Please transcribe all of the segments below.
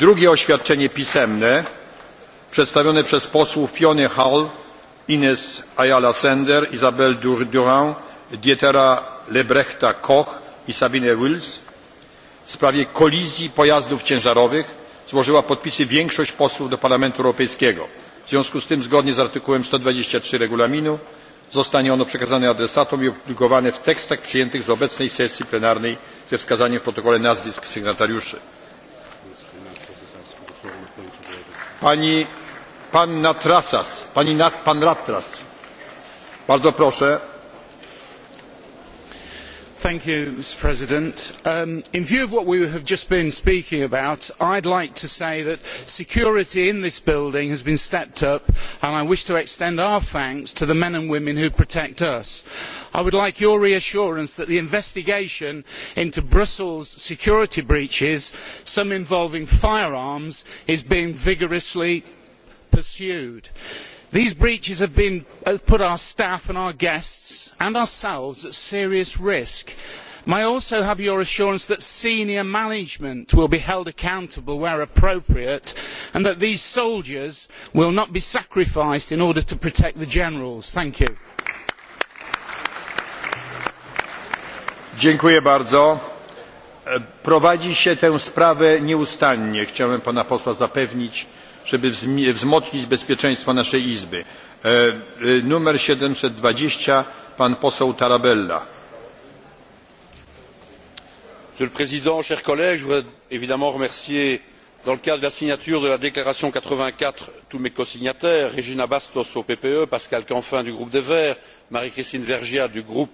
Drugie oświadczenie pisemne przedstawione przez posłów Fiona Hall, Ines Ayala Sender, Isabelle Durand, Dietera Lebrechta Koch i Sabine Wills w sprawie kolizji pojazdów ciężarowych złożyła podpisy większość posłów do Parlamentu Europejskiego. W związku z tym, zgodnie z artykułem trzy regulaminu, zostanie ono przekazane adresatom i opublikowane w tekstach przyjętych z obecnej sesji plenarnej ze wskazaniem w protokole nazwisk sygnatariuszy. Pani, pan Natrasas, pani, pan Natras. Bardzo proszę mr president in view of what we have just been speaking about i would like to say that security in this building has been stepped up and i wish to extend our thanks to the men and women who protect us. i would like your reassurance that the investigation into brussels security breaches some involving firearms is being vigorously pursued these breaches have put our staff and our guests and ourselves at serious risk. may i also have your assurance that senior management will be held accountable where appropriate and that these soldiers will not be sacrificed in order to protect the generals? thank you prowadzi się tę sprawę nieustannie chciałbym pana posła zapewnić żeby wzmocnić bezpieczeństwo naszej izby numer siedemset dwadzieścia pan poseł tarabella monsieur le président chers collègues je voudrais évidemment remercier dans le cadre de la signature de la déclaration quatre vingt quatre tous mes cosignataires regina bastos au ppe pascal canfin du groupe des verts marie christine vergiat du groupe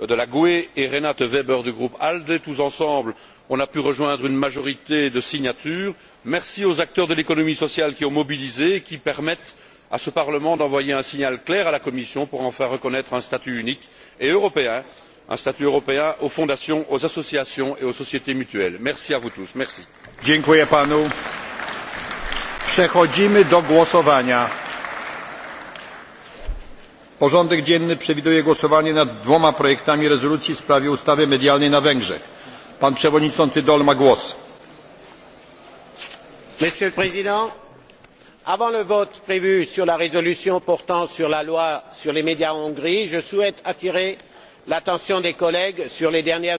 de la gue et renate weber du groupe alde tous ensemble on a pu rejoindre une majorité de signatures. merci aux acteurs de l'économie sociale qui ont mobilisé et qui permettent à ce parlement d'envoyer un signal clair à la commission pour enfin reconnaître un statut unique et européen un statut européen aux fondations aux associations et aux sociétés mutuelles. merci à vous tous. merci. Porządek dzienny przewiduje głosowanie nad dwoma projektami rezolucji w sprawie ustawy medialnej na Węgrzech. Pan przewodniczący Dol ma głos. Monsieur le Président, avant le vote prévu sur la résolution portant sur la loi sur les médias en Hongrie, je souhaite attirer l'attention des collègues sur les dernières